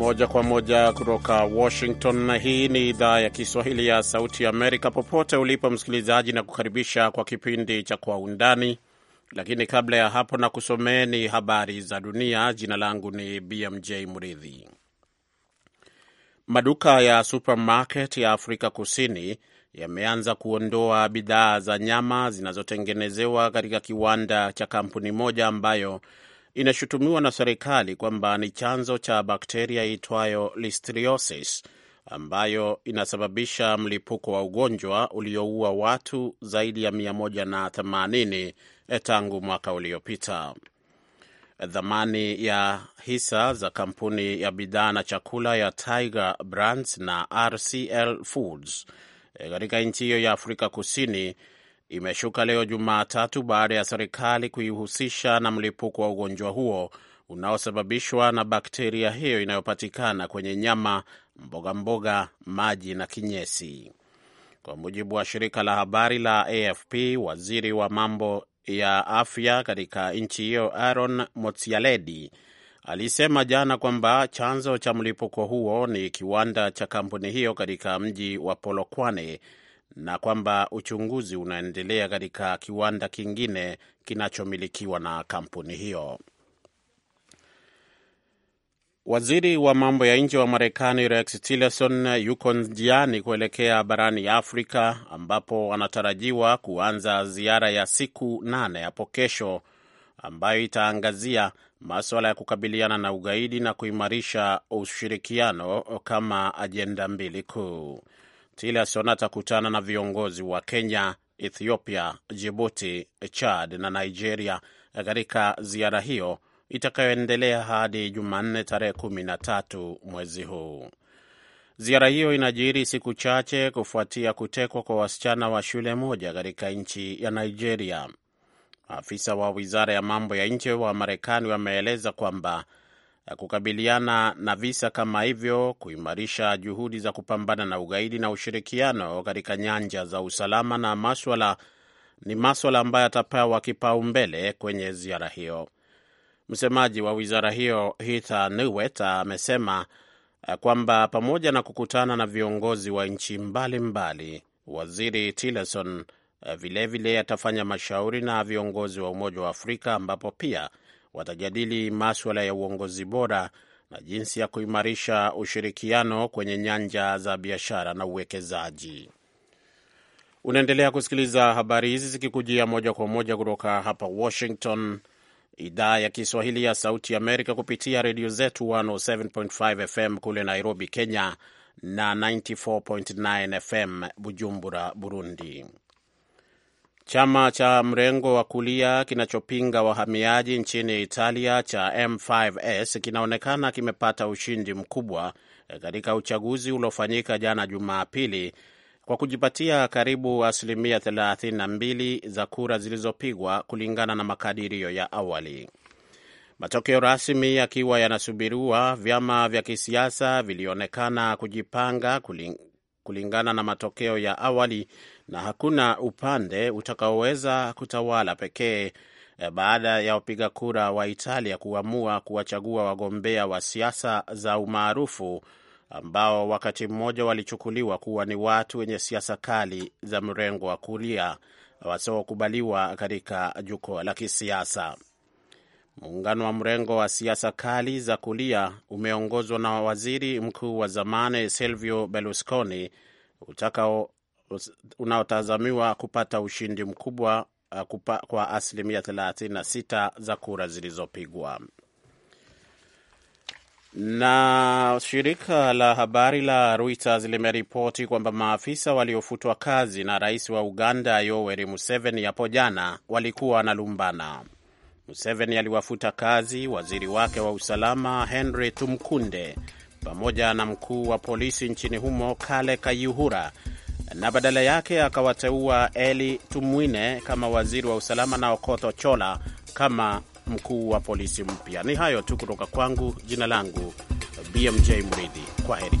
moja kwa moja kutoka Washington, na hii ni idhaa ya Kiswahili ya Sauti Amerika. Popote ulipo msikilizaji, na kukaribisha kwa kipindi cha Kwa Undani, lakini kabla ya hapo na ni habari za dunia. Jina langu ni BMJ Mridhi. Maduka ya supermarket ya Afrika Kusini yameanza kuondoa bidhaa za nyama zinazotengenezewa katika kiwanda cha kampuni moja ambayo inashutumiwa na serikali kwamba ni chanzo cha bakteria iitwayo listeriosis ambayo inasababisha mlipuko wa ugonjwa ulioua watu zaidi ya 180 eh, tangu mwaka uliopita. Thamani ya hisa za kampuni ya bidhaa na chakula ya Tiger Brands na RCL Foods eh, katika nchi hiyo ya Afrika Kusini imeshuka leo Jumatatu baada ya serikali kuihusisha na mlipuko wa ugonjwa huo unaosababishwa na bakteria hiyo inayopatikana kwenye nyama, mboga mboga, maji na kinyesi. Kwa mujibu wa shirika la habari la AFP, waziri wa mambo ya afya katika nchi hiyo Aaron Motsialedi alisema jana kwamba chanzo cha mlipuko huo ni kiwanda cha kampuni hiyo katika mji wa Polokwane na kwamba uchunguzi unaendelea katika kiwanda kingine kinachomilikiwa na kampuni hiyo. Waziri wa mambo ya nje wa Marekani Rex Tillerson yuko njiani kuelekea barani Afrika ambapo anatarajiwa kuanza ziara ya siku nane hapo kesho ambayo itaangazia maswala ya kukabiliana na ugaidi na kuimarisha ushirikiano kama ajenda mbili kuu. Tillerson atakutana na viongozi wa Kenya, Ethiopia, Jibuti, Chad na Nigeria katika ziara hiyo itakayoendelea hadi Jumanne tarehe kumi na tatu mwezi huu. Ziara hiyo inajiri siku chache kufuatia kutekwa kwa wasichana wa shule moja katika nchi ya Nigeria. Maafisa wa wizara ya mambo ya nje wa Marekani wameeleza kwamba kukabiliana na visa kama hivyo, kuimarisha juhudi za kupambana na ugaidi na ushirikiano katika nyanja za usalama na maswala ni maswala ambayo yatapewa kipaumbele kwenye ziara hiyo. Msemaji wa wizara hiyo Heather Nauert amesema eh, kwamba pamoja na kukutana na viongozi wa nchi mbalimbali, waziri Tillerson eh, vilevile atafanya mashauri na viongozi wa Umoja wa Afrika, ambapo pia watajadili maswala ya uongozi bora na jinsi ya kuimarisha ushirikiano kwenye nyanja za biashara na uwekezaji. Unaendelea kusikiliza habari hizi zikikujia moja kwa moja kutoka hapa Washington, idhaa ya Kiswahili ya Sauti Amerika, kupitia redio zetu 107.5 FM kule Nairobi, Kenya na 94.9 FM Bujumbura, Burundi. Chama cha mrengo wa kulia kinachopinga wahamiaji nchini Italia cha M5S kinaonekana kimepata ushindi mkubwa eh, katika uchaguzi uliofanyika jana Jumapili kwa kujipatia karibu asilimia 32 za kura zilizopigwa kulingana na makadirio ya awali. Matokeo rasmi yakiwa yanasubiriwa, vyama vya kisiasa vilionekana kujipanga kulingana na matokeo ya awali na hakuna upande utakaoweza kutawala pekee eh, baada ya wapiga kura wa Italia kuamua kuwachagua wagombea wa siasa za umaarufu ambao wakati mmoja walichukuliwa kuwa ni watu wenye siasa kali za mrengo wa kulia wasiokubaliwa katika jukwaa la kisiasa. Muungano wa mrengo wa siasa kali za kulia umeongozwa na waziri mkuu wa zamani Silvio Berlusconi utakao unaotazamiwa kupata ushindi mkubwa uh, kupa, kwa asilimia 36 za kura zilizopigwa. Na shirika la habari la Reuters limeripoti kwamba maafisa waliofutwa kazi na rais wa Uganda Yoweri Museveni hapo jana walikuwa wanalumbana. Museveni aliwafuta kazi waziri wake wa usalama Henry Tumkunde pamoja na mkuu wa polisi nchini humo Kale Kayihura na badala yake akawateua Eli Tumwine kama waziri wa usalama na Okoth Ochola kama mkuu wa polisi mpya. Ni hayo tu kutoka kwangu. Jina langu BMJ Mridhi, kwa heri.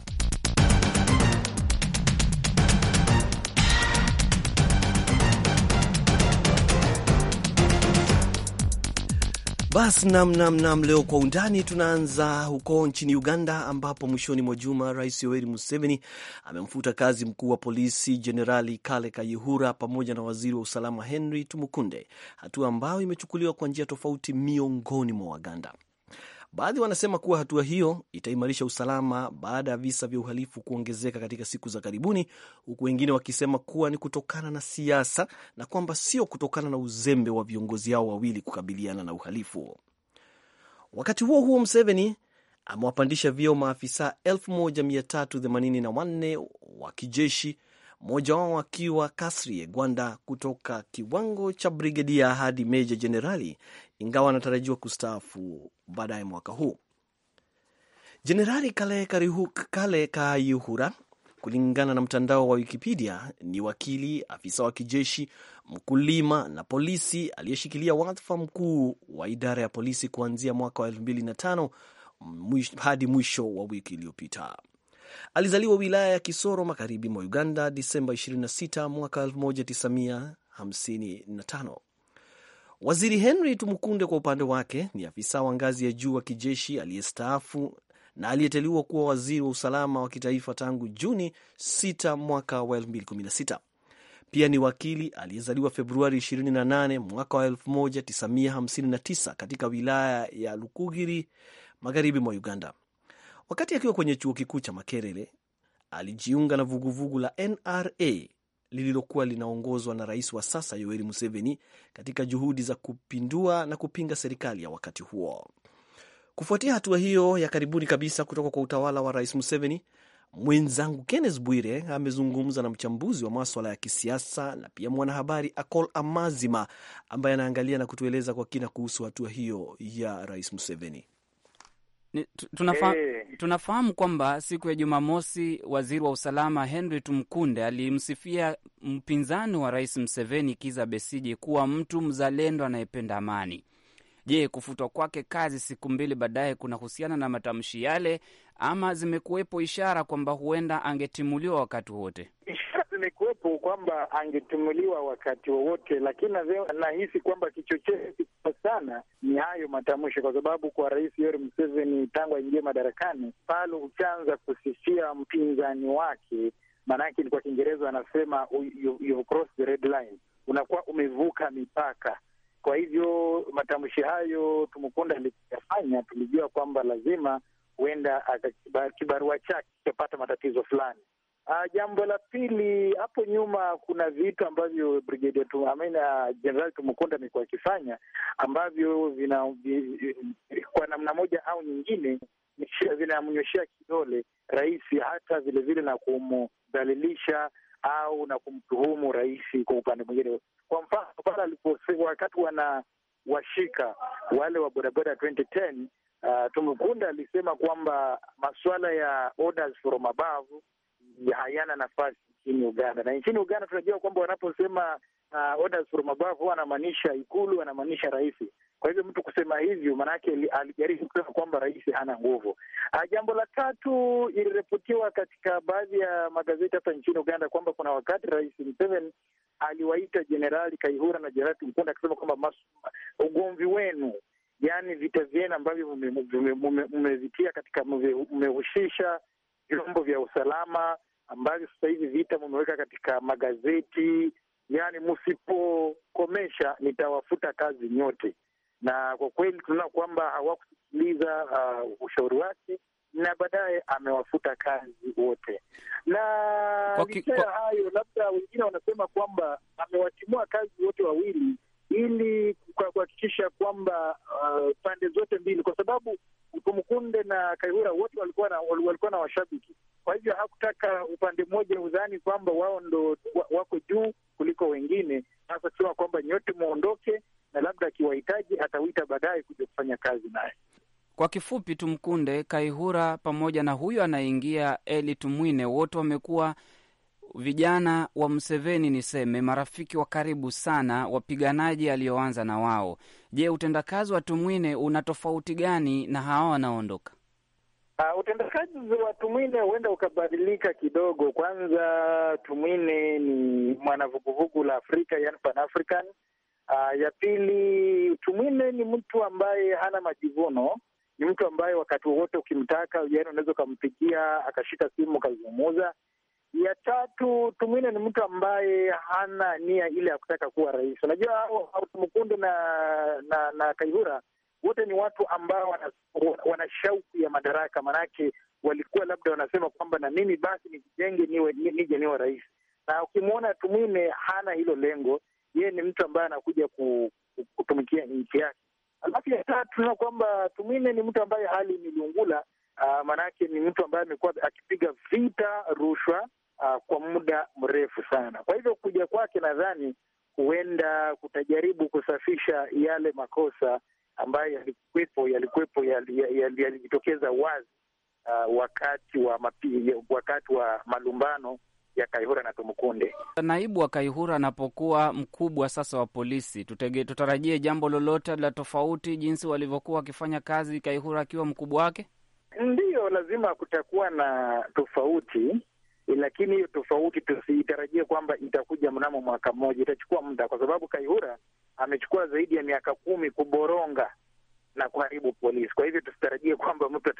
Basi nam, nam, Leo kwa undani tunaanza huko nchini Uganda, ambapo mwishoni mwa juma Rais Yoweri Museveni amemfuta kazi mkuu wa polisi Jenerali Kale Kayihura pamoja na waziri wa usalama Henry Tumukunde, hatua ambayo imechukuliwa kwa njia tofauti miongoni mwa Waganda. Baadhi wanasema kuwa hatua hiyo itaimarisha usalama baada ya visa vya uhalifu kuongezeka katika siku za karibuni, huku wengine wakisema kuwa ni kutokana na siasa na kwamba sio kutokana na uzembe wa viongozi hao wawili kukabiliana na uhalifu. Wakati huo huo, Museveni amewapandisha vyeo maafisa 1384 wa kijeshi, mmoja wao akiwa Kasrie Gwanda, kutoka kiwango cha brigedia hadi meja jenerali, ingawa anatarajiwa kustaafu baadaye mwaka huu. Jenerali Kale, Kale Kayihura, kulingana na mtandao wa Wikipedia, ni wakili, afisa wa kijeshi, mkulima na polisi aliyeshikilia wadhifa mkuu wa idara ya polisi kuanzia mwaka wa 2005 hadi mwisho wa wiki iliyopita. Alizaliwa wilaya ya Kisoro magharibi mwa Uganda Disemba 26 mwaka 1955. Waziri Henry Tumukunde kwa upande wake ni afisa wa ngazi ya juu wa kijeshi aliyestaafu na aliyeteuliwa kuwa waziri wa usalama wa kitaifa tangu Juni 6 mwaka wa 2016. Pia ni wakili aliyezaliwa Februari 28 mwaka wa 1959 katika wilaya ya Lukugiri, magharibi mwa Uganda. Wakati akiwa kwenye chuo kikuu cha Makerere alijiunga na vuguvugu la NRA lililokuwa linaongozwa na rais wa sasa Yoweri Museveni katika juhudi za kupindua na kupinga serikali ya wakati huo. Kufuatia hatua hiyo ya karibuni kabisa kutoka kwa utawala wa rais Museveni, mwenzangu Kenneth Bwire amezungumza na mchambuzi wa maswala ya kisiasa na pia mwanahabari Akol Amazima ambaye anaangalia na kutueleza kwa kina kuhusu hatua hiyo ya rais Museveni. Eh. Tunafahamu kwamba siku ya Jumamosi waziri wa usalama Henry Tumkunde alimsifia mpinzani wa Rais Mseveni Kiza Besiji kuwa mtu mzalendo anayependa amani. Je, kufutwa kwake kazi siku mbili baadaye kunahusiana na matamshi yale ama zimekuwepo ishara kwamba huenda angetimuliwa wakati wote? limekuwepo kwamba angetumuliwa wakati wowote, lakini nahisi kwamba kichocheo kikubwa sana ni hayo matamshi, kwa sababu kwa Rais Yoweri Museveni tangu aingie madarakani, pale huchanza kusifia mpinzani wake, maanake kwa Kiingereza anasema you've crossed the red line, unakuwa umevuka mipaka. Kwa hivyo matamshi hayo Tumekunda alikuyafanya, tulijua kwamba lazima huenda kibarua chake kitapata matatizo fulani. Uh, jambo la pili, hapo nyuma kuna vitu ambavyo brigedia jenerali ah, Tumukunda amekuwa akifanya ambavyo vina, vina, kwa namna moja au nyingine vinamnyoshea kidole rais, hata vilevile na kumdhalilisha au na kumtuhumu rais kwa upande mwingine. Kwa mfano pale aliposema wakati wana washika wale wa bodaboda 2010 uh, ah, Tumukunda alisema kwamba masuala ya orders from above hayana nafasi nchini Uganda. Na nchini Uganda tunajua kwamba wanaposema uh, orders from above huwa anamaanisha ikulu, anamaanisha rais. Kwa hivyo mtu kusema hivyo maanake alijaribu kusema kwamba rais hana nguvu. Uh, jambo la tatu, iliripotiwa katika baadhi ya magazeti hapa nchini Uganda kwamba kuna wakati rais Museveni aliwaita Jenerali Kaihura na Jenerali Mkunda akisema kwamba ugomvi wenu yaani vita vyenu ambavyo mmevitia katika mmehusisha vyombo vya usalama ambavyo sasa hivi vita mumeweka katika magazeti, yani msipokomesha nitawafuta kazi nyote. Na kwa kweli tunaona kwamba hawakusikiliza uh, ushauri wake na baadaye amewafuta kazi wote. Na licha ya hayo, labda wengine wanasema kwamba amewatimua kazi wote wawili ili kuhakikisha kwamba uh, pande zote mbili, kwa sababu Mkumkunde na Kaihura wote walikuwa na walikuwa na washabiki, kwa hivyo hakutaka upande mmoja udhani kwamba wao ndo wako juu kuliko wengine, hasa kusema kwamba nyote mwondoke, na labda akiwahitaji atawita baadaye kuja kufanya kazi naye. Kwa kifupi, Tumkunde Kaihura pamoja na huyu anaingia Eli Tumwine wote wamekuwa vijana wa Mseveni niseme marafiki wa karibu sana, wapiganaji aliyoanza na wao. Je, utendakazi wa Tumwine una tofauti gani na hawa wanaoondoka? Uh, utendakazi wa Tumwine huenda ukabadilika kidogo. Kwanza, Tumwine ni mwanavuguvugu la Afrika, yani Pan African. Uh, ah, ya pili, Tumwine ni mtu ambaye hana majivuno ni mtu ambaye wakati wowote ukimtaka, yani unaweza ukampigia akashika simu ukazungumuza. Ya tatu, Tumwine ni mtu ambaye hana nia ile ya kutaka kuwa rais. Unajua hao Tumukunde na, na na Kaihura wote ni watu ambao wana, wana shauku ya madaraka, maanake walikuwa labda wanasema kwamba na mimi basi nijijenge niwe nije niwe rais, na ukimwona Tumwine hana hilo lengo. Yeye ni mtu ambaye anakuja kutumikia nchi yake. Alafu ya tatu tunaona kwamba Tumwine ni mtu ambaye hali imeliungula, ah, maanake ni mtu ambaye amekuwa akipiga vita rushwa uh, kwa muda mrefu sana. Kwa hivyo kuja kwake, nadhani huenda kutajaribu kusafisha yale makosa ambayo yalikuwepo yalikuwepo yalijitokeza yali, yali wazi uh, wakati wa mapi, wakati wa malumbano ya Kaihura na Tumukunde. Naibu wa Kaihura anapokuwa mkubwa sasa wa polisi, tutege, tutarajie jambo lolote la tofauti jinsi walivyokuwa wakifanya kazi Kaihura akiwa mkubwa wake? Ndiyo, lazima kutakuwa na tofauti Eh, lakini hiyo tofauti tusiitarajie kwamba itakuja mnamo mwaka mmoja. Itachukua muda, kwa sababu Kaihura amechukua zaidi ya miaka kumi kuboronga na kuharibu polisi. Kwa hivyo tusitarajie kwamba mtu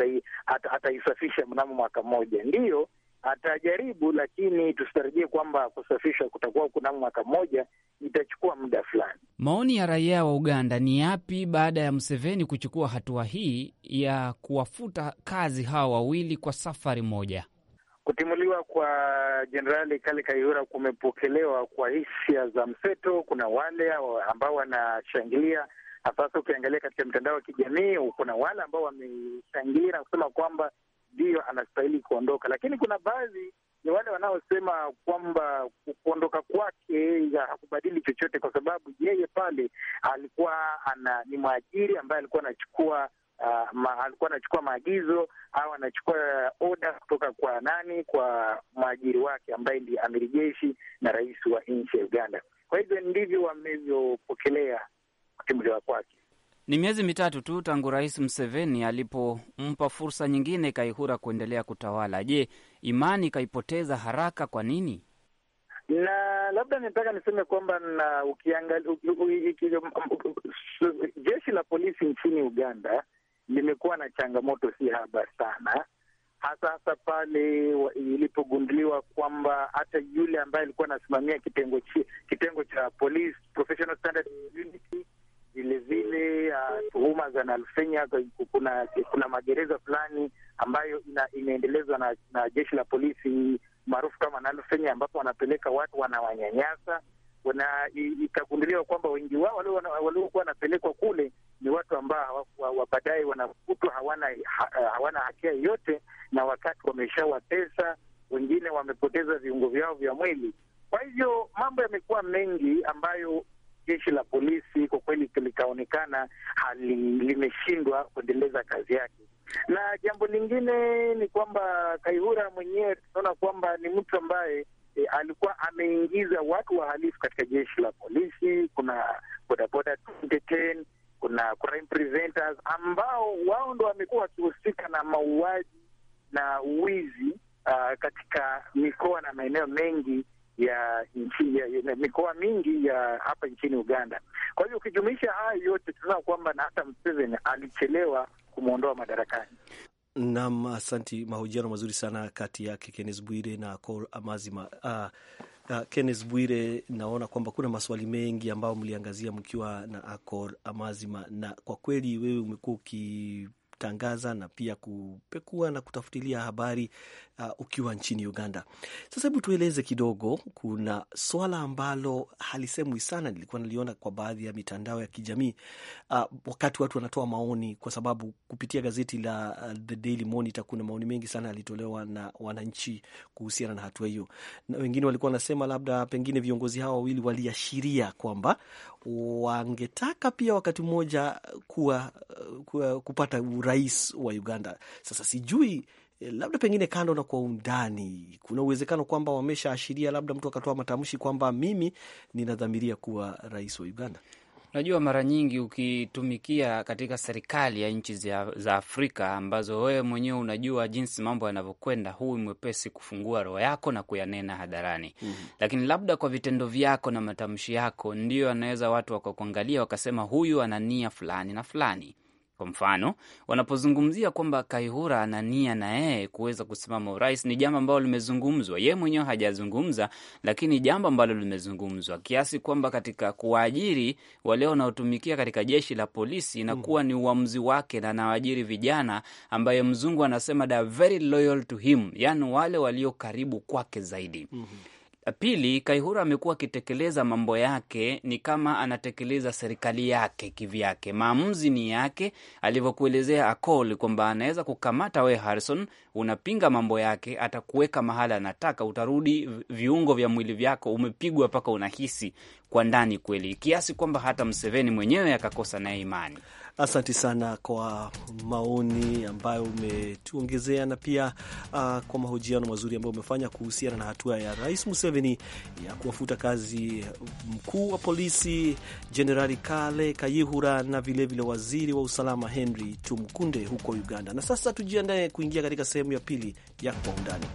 ataisafisha mnamo mwaka mmoja. Ndiyo atajaribu, lakini tusitarajie kwamba kusafisha kutakuwa kunamo mwaka mmoja, itachukua muda fulani. Maoni ya raia wa Uganda ni yapi baada ya Museveni kuchukua hatua hii ya kuwafuta kazi hawa wawili kwa safari moja? Kutimuliwa kwa Jenerali Kale Kayihura kumepokelewa kwa hisia za mseto. Kuna wale ambao wanashangilia hasasa, ukiangalia katika mtandao wa kijamii kuna wale ambao wameshangilia na kusema kwamba ndiyo anastahili kuondoka, lakini kuna baadhi ya wale wanaosema kwamba kuondoka kwake hakubadili chochote, kwa sababu yeye pale alikuwa ana, ni mwajiri ambaye alikuwa anachukua uh, ma, alikuwa anachukua maagizo au anachukua eh, oda kutoka kwa nani? Kwa mwajiri wake ambaye ndiye amiri jeshi na rais wa nchi ya Uganda. Kwa hivyo ndivyo wamevyopokelea kutimuliwa kwake. Ni miezi mitatu tu tangu Rais Mseveni alipompa fursa nyingine Kaihura kuendelea kutawala. Je, imani ikaipoteza haraka? Kwa nini? na labda nitaka niseme kwamba na ukiangalia jeshi la polisi nchini Uganda limekuwa na changamoto si haba sana, hasa hasa pale ilipogunduliwa kwamba hata yule ambaye alikuwa anasimamia kitengo, kitengo cha Police Professional Standards Unit vilevile ah, tuhuma za nalfenya Kuna, kuna magereza fulani ambayo ina, inaendelezwa na, na jeshi la polisi maarufu kama nalfenya ambapo wanapeleka watu wanawanyanyasa. na ikagunduliwa kwamba wengi wao waliokuwa wanapelekwa kule ni watu ambao baadaye wanakutwa hawana ha, eh, hawana hatia yoyote, na wakati wameshawa pesa, wengine wamepoteza viungo vyao vya mwili. Kwa hivyo mambo yamekuwa mengi ambayo jeshi la polisi kwa kweli likaonekana limeshindwa kuendeleza kazi yake. Na jambo lingine ni kwamba Kaihura mwenyewe tunaona kwamba ni mtu ambaye E, alikuwa ameingiza watu wahalifu katika jeshi la polisi. Kuna bodaboda kuna crime presenters ambao wao ndo wamekuwa wakihusika na mauaji na uwizi uh, katika mikoa na maeneo mengi ya nchi ya, ya, mikoa mingi ya hapa nchini Uganda. Kwa hiyo ukijumuisha haya yote tunaona kwamba na hata Museveni alichelewa kumwondoa madarakani. Naam, asanti. Mahojiano mazuri sana kati yake Kennes Bwire na Col Amazima. Uh, Uh, Kenneth Bwire, naona kwamba kuna maswali mengi ambayo mliangazia mkiwa na Akor Amazima, na kwa kweli wewe umekuwa uki kutangaza na pia kupekua na kutafutilia habari uh, ukiwa nchini Uganda. Sasa hebu tueleze kidogo, kuna swala ambalo halisemwi sana, nilikuwa naliona kwa baadhi ya mitandao ya kijamii uh, wakati watu wanatoa maoni, kwa sababu kupitia gazeti la uh, The Daily Monitor kuna maoni mengi sana yalitolewa na wananchi kuhusiana na hatua hiyo, na wengine walikuwa wanasema labda pengine viongozi hawa wawili waliashiria kwamba wangetaka pia wakati mmoja kuwa, uh, kuwa, kupata ura rais wa Uganda. Sasa sijui eh, labda pengine kando na kwa undani, kuna uwezekano kwamba wameshaashiria, labda mtu akatoa matamshi kwamba mimi ninadhamiria kuwa rais wa Uganda. Unajua, mara nyingi ukitumikia katika serikali ya nchi za Afrika ambazo wewe mwenyewe unajua jinsi mambo yanavyokwenda, huu mwepesi kufungua roho yako na kuyanena hadharani. mm -hmm. Lakini labda kwa vitendo vyako na matamshi yako ndiyo anaweza watu wakakuangalia wakasema, huyu ana nia fulani na fulani kwa mfano wanapozungumzia kwamba Kaihura ana nia na yeye kuweza kusimama urais, ni jambo ambalo limezungumzwa, yeye mwenyewe hajazungumza, lakini jambo ambalo limezungumzwa kiasi kwamba katika kuwaajiri wale wanaotumikia katika jeshi la polisi inakuwa ni uamuzi wake, na anawaajiri vijana ambaye mzungu anasema they are very loyal to him, yani wale walio karibu kwake zaidi. mm -hmm. Eh, pili, Kaihura amekuwa akitekeleza mambo yake ni kama anatekeleza serikali yake kivyake. Maamuzi ni yake, alivyokuelezea Akol kwamba anaweza kukamata we Harrison, unapinga mambo yake, atakuweka mahala anataka, utarudi viungo vya mwili vyako umepigwa mpaka unahisi kwa ndani kweli, kiasi kwamba hata Mseveni mwenyewe akakosa naye imani. Asanti sana kwa maoni ambayo umetuongezea na pia uh, kwa mahojiano mazuri ambayo umefanya kuhusiana na hatua ya Rais Museveni ya kuwafuta kazi mkuu wa polisi Jenerali Kale Kayihura na vilevile vile waziri wa usalama Henry Tumkunde huko Uganda. Na sasa tujiandae kuingia katika sehemu ya pili ya Kwa Undani.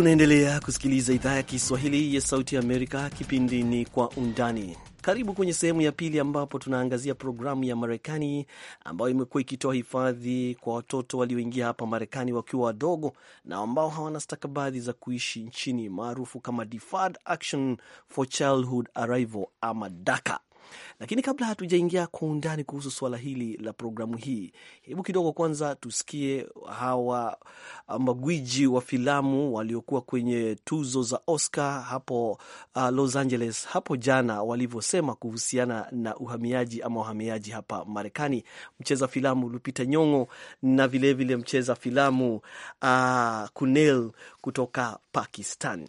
Unaendelea kusikiliza idhaa ya Kiswahili ya Sauti Amerika. Kipindi ni Kwa Undani. Karibu kwenye sehemu ya pili ambapo tunaangazia programu ya Marekani ambayo imekuwa ikitoa hifadhi kwa watoto walioingia hapa Marekani wakiwa wadogo na ambao hawana stakabadhi za kuishi nchini, maarufu kama Deferred Action for Childhood Arrival ama DACA. Lakini kabla hatujaingia kwa undani kuhusu suala hili la programu hii, hebu kidogo kwanza tusikie hawa ah, magwiji wa filamu waliokuwa kwenye tuzo za Oscar hapo uh, Los Angeles hapo jana walivyosema kuhusiana na uhamiaji ama wahamiaji hapa Marekani. Mcheza filamu Lupita Nyong'o na vilevile vile mcheza filamu uh, Kunel kutoka Pakistan.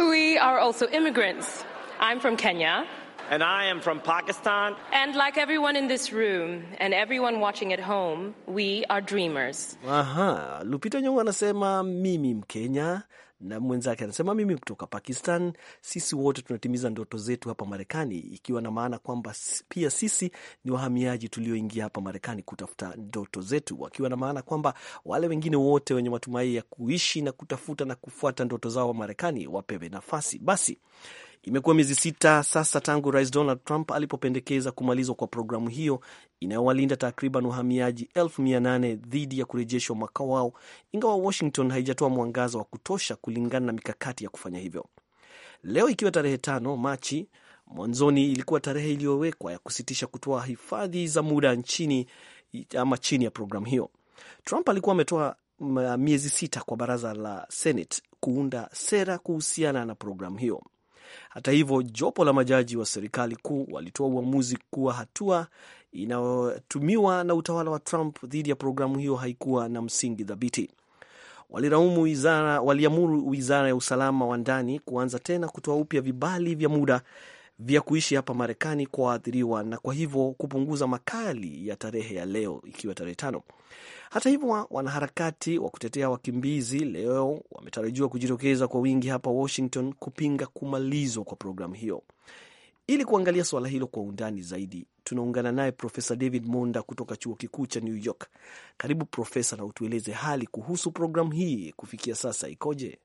We are also immigrants. I'm from Kenya. And I am from Pakistan. And like everyone in this room and everyone watching at home, we are dreamers. Aha, Lupita Nyong'o anasema mimi Mkenya na mwenzake anasema mimi kutoka Pakistan. Sisi wote tunatimiza ndoto zetu hapa Marekani, ikiwa na maana kwamba pia sisi ni wahamiaji tulioingia hapa Marekani kutafuta ndoto zetu, wakiwa na maana kwamba wale wengine wote wenye matumaini ya kuishi na kutafuta na kufuata ndoto zao wa Marekani wapewe nafasi basi. Imekuwa miezi sita sasa tangu Rais Donald Trump alipopendekeza kumalizwa kwa programu hiyo inayowalinda takriban wahamiaji elfu mia nane dhidi ya kurejeshwa mwaka wao, ingawa Washington haijatoa mwangaza wa kutosha kulingana na mikakati ya kufanya hivyo. Leo ikiwa tarehe tano Machi, mwanzoni ilikuwa tarehe iliyowekwa ya kusitisha kutoa hifadhi za muda nchini ama chini ya programu hiyo. Trump alikuwa ametoa miezi sita kwa baraza la Senate kuunda sera kuhusiana na programu hiyo. Hata hivyo, jopo la majaji wa serikali kuu walitoa uamuzi kuwa hatua inayotumiwa na utawala wa Trump dhidi ya programu hiyo haikuwa na msingi thabiti. Waliraumu wizara, waliamuru wizara ya usalama wa ndani kuanza tena kutoa upya vibali vya muda vya kuishi hapa Marekani kwa waathiriwa na kwa hivyo kupunguza makali ya tarehe ya leo ikiwa tarehe tano. Hata hivyo, wanaharakati wa kutetea wakimbizi leo wametarajiwa kujitokeza kwa wingi hapa Washington kupinga kumalizwa kwa programu hiyo. Ili kuangalia suala hilo kwa undani zaidi, tunaungana naye Profesa David Monda kutoka chuo kikuu cha New York. Karibu Profesa, na utueleze hali kuhusu programu hii kufikia sasa ikoje?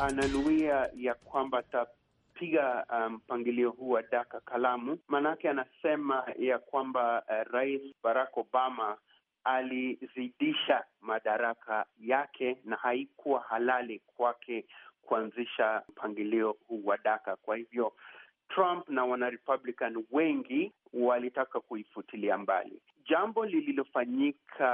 ananuia ya kwamba atapiga uh, mpangilio um, huu wa daka kalamu. Maanake anasema ya kwamba uh, Rais Barack Obama alizidisha madaraka yake na haikuwa halali kwake kuanzisha mpangilio huu wa daka. Kwa hivyo Trump na wanarepublican wengi walitaka kuifutilia mbali. Jambo lililofanyika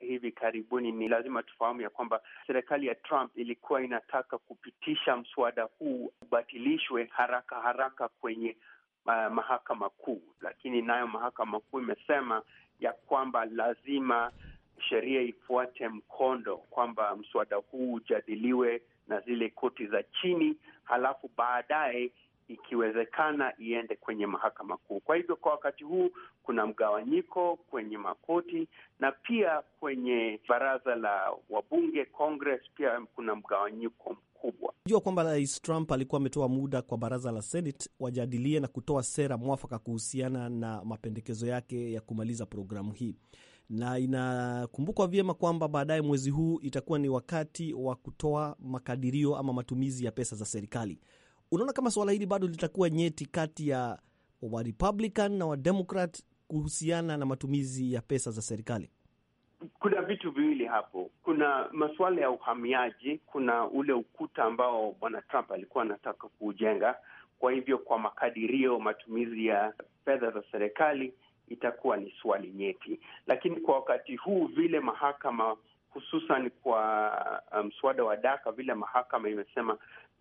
hivi karibuni, ni lazima tufahamu ya kwamba serikali ya Trump ilikuwa inataka kupitisha mswada huu ubatilishwe haraka haraka kwenye uh, mahakama kuu, lakini nayo mahakama kuu imesema ya kwamba lazima sheria ifuate mkondo, kwamba mswada huu ujadiliwe na zile koti za chini, halafu baadaye ikiwezekana iende kwenye mahakama kuu. Kwa hivyo kwa wakati huu kuna mgawanyiko kwenye makoti na pia kwenye baraza la wabunge Congress, pia kuna mgawanyiko mkubwa. Jua kwamba Rais Trump alikuwa ametoa muda kwa baraza la Senate wajadilie na kutoa sera mwafaka kuhusiana na mapendekezo yake ya kumaliza programu hii na inakumbukwa vyema kwamba baadaye mwezi huu itakuwa ni wakati wa kutoa makadirio ama matumizi ya pesa za serikali unaona kama swala hili bado litakuwa nyeti kati ya wa Republican na wa Democrat kuhusiana na matumizi ya pesa za serikali? Kuna vitu viwili hapo. Kuna masuala ya uhamiaji, kuna ule ukuta ambao bwana Trump alikuwa anataka kuujenga. Kwa hivyo, kwa makadirio, matumizi ya fedha za serikali itakuwa ni swali nyeti, lakini kwa wakati huu vile mahakama hususan kwa uh, mswada um, wa daka vile mahakama imesema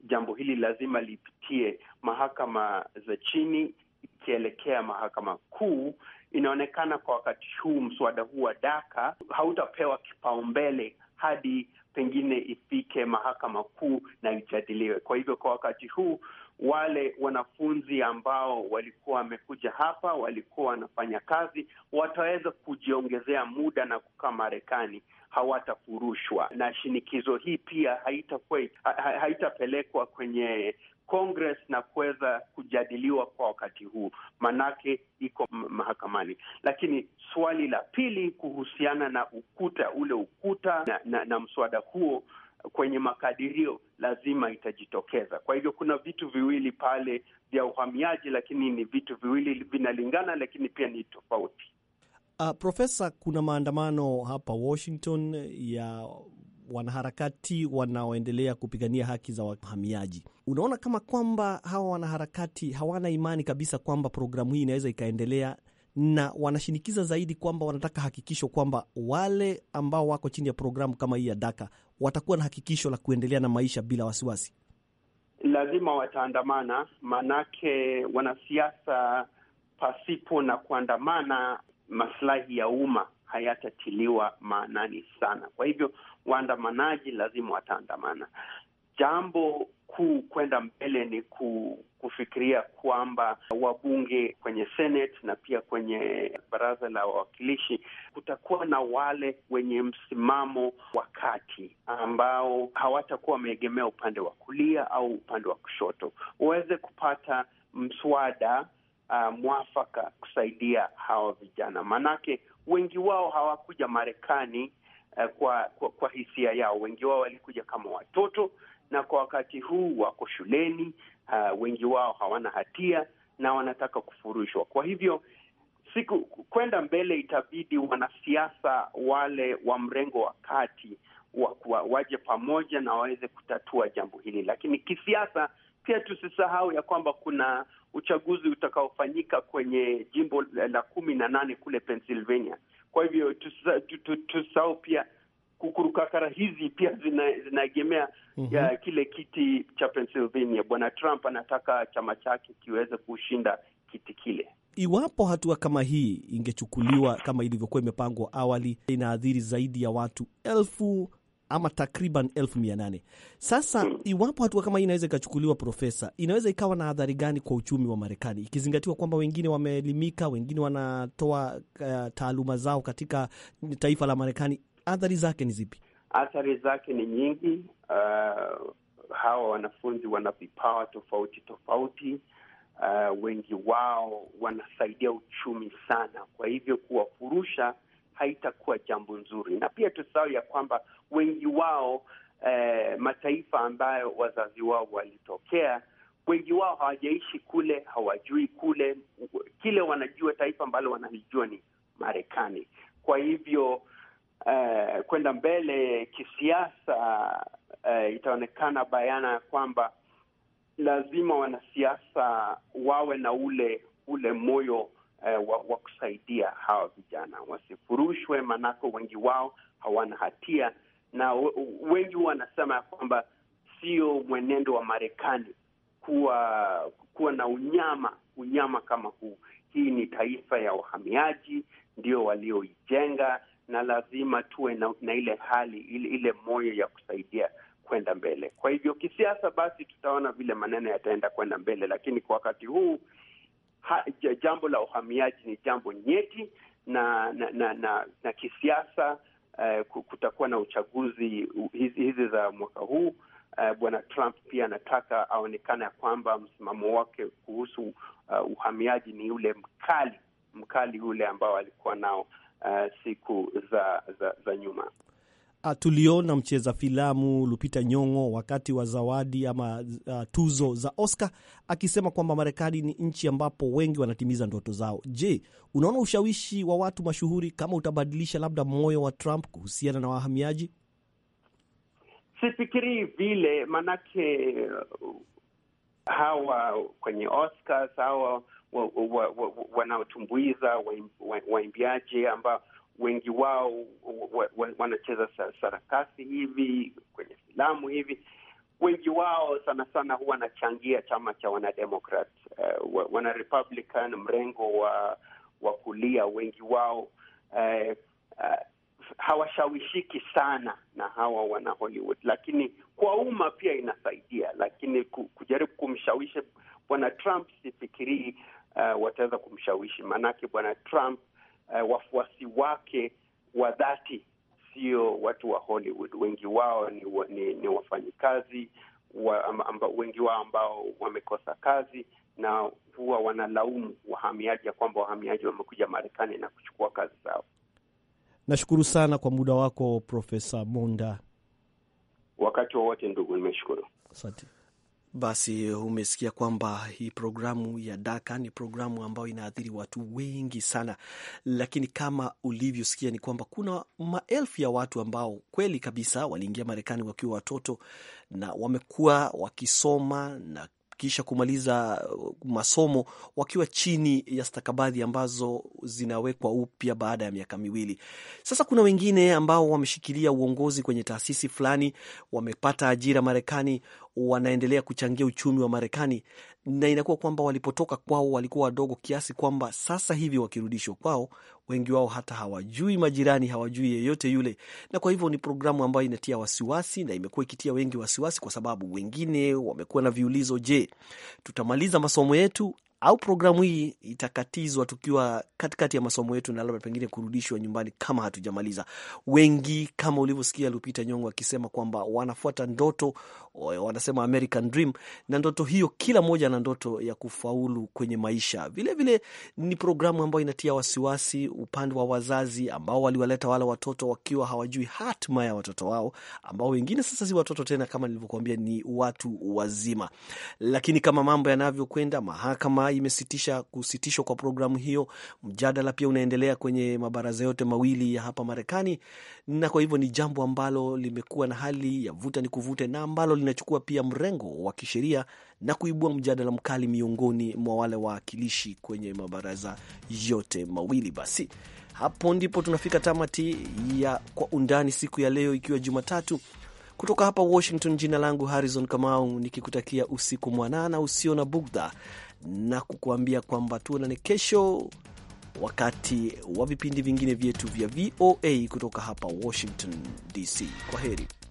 jambo hili lazima lipitie mahakama za chini ikielekea mahakama kuu. Inaonekana kwa wakati huu mswada huu wa Daka hautapewa kipaumbele hadi pengine ifike mahakama kuu na ijadiliwe. Kwa hivyo kwa wakati huu wale wanafunzi ambao walikuwa wamekuja hapa, walikuwa wanafanya kazi, wataweza kujiongezea muda na kukaa Marekani, hawatafurushwa, na shinikizo hii pia haitakuwa ha, haitapelekwa kwenye Congress na kuweza kujadiliwa kwa wakati huu, manake iko mahakamani. Lakini swali la pili kuhusiana na ukuta ule ukuta na, na, na mswada huo kwenye makadirio lazima itajitokeza. Kwa hivyo kuna vitu viwili pale vya uhamiaji, lakini ni vitu viwili vinalingana, lakini pia ni tofauti. Uh, Profesa, kuna maandamano hapa Washington ya wanaharakati wanaoendelea kupigania haki za wahamiaji. Unaona kama kwamba hawa wanaharakati hawana imani kabisa kwamba programu hii inaweza ikaendelea, na wanashinikiza zaidi kwamba wanataka hakikisho kwamba wale ambao wako chini ya programu kama hii ya DACA watakuwa na hakikisho la kuendelea na maisha bila wasiwasi. Lazima wataandamana, manake wanasiasa pasipo na kuandamana maslahi ya umma hayatatiliwa maanani sana. Kwa hivyo waandamanaji lazima wataandamana. Jambo kuu kwenda mbele ni ku, kufikiria kwamba wabunge kwenye Senate na pia kwenye baraza la wawakilishi kutakuwa na wale wenye msimamo wa kati ambao hawatakuwa wameegemea upande wa kulia au upande wa kushoto, waweze kupata mswada uh, mwafaka kusaidia hawa vijana, maanake wengi wao hawakuja Marekani uh, kwa, kwa kwa hisia yao. Wengi wao walikuja kama watoto, na kwa wakati huu wako shuleni uh, wengi wao hawana hatia na wanataka kufurushwa. Kwa hivyo siku kwenda mbele, itabidi wanasiasa wale wa mrengo wa kati wa, wa, waje pamoja na waweze kutatua jambo hili, lakini kisiasa pia tusisahau ya kwamba kuna uchaguzi utakaofanyika kwenye jimbo la kumi na nane kule Pennsylvania. Kwa hivyo tusisahau pia kukurukakara hizi pia zinaegemea mm -hmm. kile kiti cha Pennsylvania. Bwana Trump anataka chama chake kiweze kushinda kiti kile. Iwapo hatua kama hii ingechukuliwa kama ilivyokuwa imepangwa awali, inaadhiri zaidi ya watu elfu ama takriban elfu mia nane. Sasa hmm. iwapo hatua kama hii inaweza ikachukuliwa, Profesa, inaweza ikawa na adhari gani kwa uchumi wa Marekani, ikizingatiwa kwamba wengine wameelimika, wengine wanatoa uh, taaluma zao katika taifa la Marekani? Athari zake ni zipi? Athari zake ni nyingi. Uh, hawa wanafunzi wana vipawa tofauti tofauti. Uh, wengi wao wanasaidia uchumi sana, kwa hivyo kuwafurusha haitakuwa jambo nzuri. Na pia tusahau ya kwamba wengi wao eh, mataifa ambayo wazazi wao walitokea, wengi wao hawajaishi kule, hawajui kule. Kile wanajua taifa ambalo wanalijua ni Marekani. Kwa hivyo eh, kwenda mbele kisiasa, eh, itaonekana bayana ya kwamba lazima wanasiasa wawe na ule ule moyo eh, wa, wa kusaidia hawa vijana wasifurushwe, manako wengi wao hawana hatia na wengi wanasema ya kwamba sio mwenendo wa Marekani kuwa kuwa na unyama unyama kama huu. Hii ni taifa ya uhamiaji ndio walioijenga, na lazima tuwe na, na ile hali ile, ile moyo ya kusaidia kwenda mbele. Kwa hivyo kisiasa, basi tutaona vile maneno yataenda kwenda mbele, lakini kwa wakati huu ha, jambo la uhamiaji ni jambo nyeti na na, na, na, na kisiasa uh, kutakuwa na uchaguzi hizi, hizi za mwaka huu. Uh, Bwana Trump pia anataka aonekana ya kwamba msimamo wake kuhusu uh, uhamiaji ni ule mkali mkali ule ambao alikuwa nao uh, siku za, za, za nyuma. Ah, tuliona mcheza filamu Lupita Nyong'o wakati wa zawadi ama uh, tuzo za Oscar akisema kwamba Marekani ni nchi ambapo wengi wanatimiza ndoto zao. Je, unaona ushawishi wa watu mashuhuri kama utabadilisha labda moyo wa Trump kuhusiana na wahamiaji? Sifikirii vile, manake hawa kwenye Oscars hawa wanaotumbuiza waimbiaji wa, wa, wa, ambao wengi wao wanacheza sarakasi hivi kwenye filamu hivi. Wengi wao sana sana huwa wanachangia chama cha wanademokrat, uh, wana mrengo wa wa kulia. Wengi wao uh, uh, hawashawishiki sana na hawa wana Hollywood, lakini kwa umma pia inasaidia. Lakini kujaribu kumshawishi bwana Trump, sifikirii uh, wataweza kumshawishi, maanake bwana Trump uh, wafuasi wake wa dhati sio watu wa Hollywood. Wengi wao ni, ni, ni wafanyikazi wa, amba, wengi wao ambao wamekosa kazi na huwa wanalaumu wahamiaji ya kwamba wahamiaji wamekuja Marekani na kuchukua kazi zao. Nashukuru sana kwa muda wako Profesa Monda. Wakati wowote wa ndugu, nimeshukuru. Asante. Basi umesikia kwamba hii programu ya daka ni programu ambayo inaathiri watu wengi sana, lakini kama ulivyosikia ni kwamba kuna maelfu ya watu ambao kweli kabisa waliingia Marekani wakiwa watoto na wamekuwa wakisoma na kisha kumaliza uh, masomo wakiwa chini ya stakabadhi ambazo zinawekwa upya baada ya miaka miwili. Sasa kuna wengine ambao wameshikilia uongozi kwenye taasisi fulani, wamepata ajira Marekani, wanaendelea kuchangia uchumi wa Marekani, na inakuwa kwamba walipotoka kwao walikuwa wadogo kiasi kwamba sasa hivi wakirudishwa kwao, wengi wao hata hawajui majirani, hawajui yeyote yule, na kwa hivyo ni programu ambayo inatia wasiwasi na imekuwa ikitia wengi wasiwasi, kwa sababu wengine wamekuwa na viulizo, je, tutamaliza masomo yetu au programu hii itakatizwa tukiwa katikati ya masomo yetu na labda pengine kurudishwa nyumbani kama hatujamaliza. Wengi kama ulivyosikia Lupita Nyong'o akisema kwamba wanafuata ndoto wanasema American Dream, na ndoto hiyo, kila mmoja na ndoto ya kufaulu kwenye maisha. Vilevile vile, ni programu ambayo inatia wasiwasi upande wa wazazi ambao waliwaleta wale watoto wakiwa hawajui hatima ya watoto wao, ambao wengine sasa si watoto tena, kama nilivyokuambia, ni watu wazima. Lakini kama mambo yanavyokwenda, mahakama imesitisha kusitishwa kwa programu hiyo. Mjadala pia unaendelea kwenye mabaraza yote mawili ya hapa Marekani, na kwa hivyo ni jambo ambalo limekuwa na hali ya vuta ni kuvute na ambalo linachukua pia mrengo wa kisheria na kuibua mjadala mkali miongoni mwa wale wawakilishi kwenye mabaraza yote mawili. Basi hapo ndipo tunafika tamati ya Kwa Undani siku ya leo, ikiwa Jumatatu. Kutoka hapa Washington, jina langu Harrison Kamau, nikikutakia usiku mwanana usio na bugdha na kukuambia kwamba tuonane kesho wakati wa vipindi vingine vyetu vya VOA kutoka hapa Washington DC. Kwa heri.